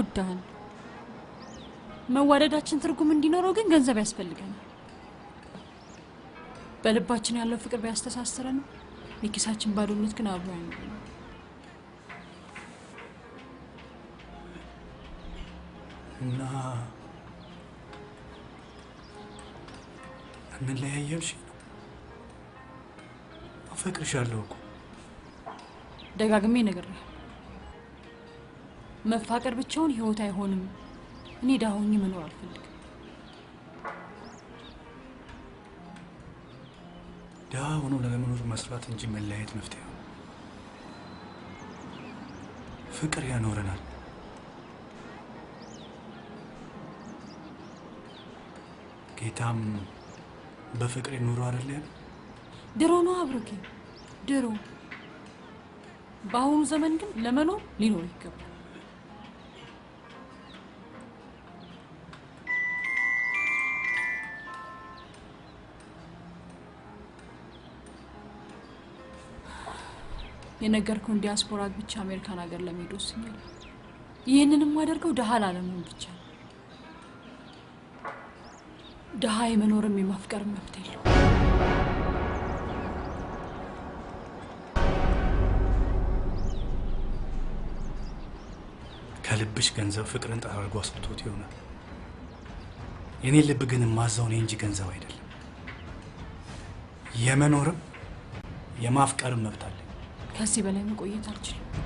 እወድሃለሁ። መዋደዳችን ትርጉም እንዲኖረው ግን ገንዘብ ያስፈልገናል። በልባችን ያለው ፍቅር ቢያስተሳስረን፣ የኪሳችን ባዶነት ግን አብሮ አይኖርም። እና እንለያየምሽ ነው? አፈቅርሻለሁ እኮ ደጋግሜ ነግሬሃለሁ። መፋቀር ብቻውን ህይወት አይሆንም። እኔ ዳሆኝ መኖር አልፈልግም። ደሃ ሆኖ ለመኖር መስራት እንጂ መለያየት መፍትሄ ነው። ፍቅር ያኖረናል። ጌታም በፍቅር ይኖረው አይደለ ድሮ ነው አብርጌ ድሮ። በአሁኑ ዘመን ግን ለመኖር ሊኖር ይገባል። የነገርከውን ዲያስፖራ ብቻ አሜሪካን ሀገር ለመሄድ ወስኛል። ይህንንም የማደርገው ድሀ ላለመሆን ብቻ ነው። ድሀ የመኖርም የማፍቀር መብት የለው። ከልብሽ ገንዘብ ፍቅርን ጠራርጎ አስወጥቶት ይሆናል። የኔ ልብ ግን የማዛው እንጂ ገንዘብ አይደለም። የመኖርም የማፍቀርም መብት አለኝ። ከዚህ በላይ መቆየት አልችልም።